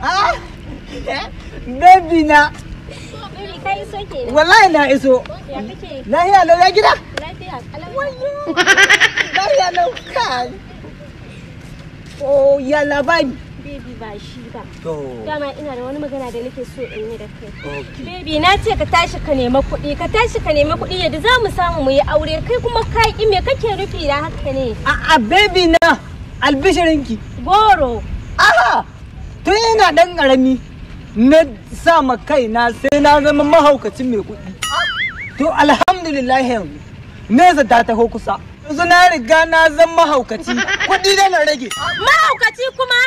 Ah! Eh? Baby na. Wallahi na iso. na Lafiya lau ya gida? na Lafiya lau kai. Oh, ya labari. Baby ba shi ba. Dama ina da wani magana da nake so in yi da kai. Baby na ce ka tashi ka nema kuɗi, ka tashi ka nema kuɗi yadda za mu samu mu yi aure kai kuma ka ƙi me kake rufi da haka ne. A'a baby na albishirinki. Goro. tun yana dan karami na sa ma na sai na zama mahaukacin mai kuɗi to alhamdulillah yanzu nesa ta taho kusa yanzu na riga na zama mahaukaci kuɗi da na rage mahaukaci kuma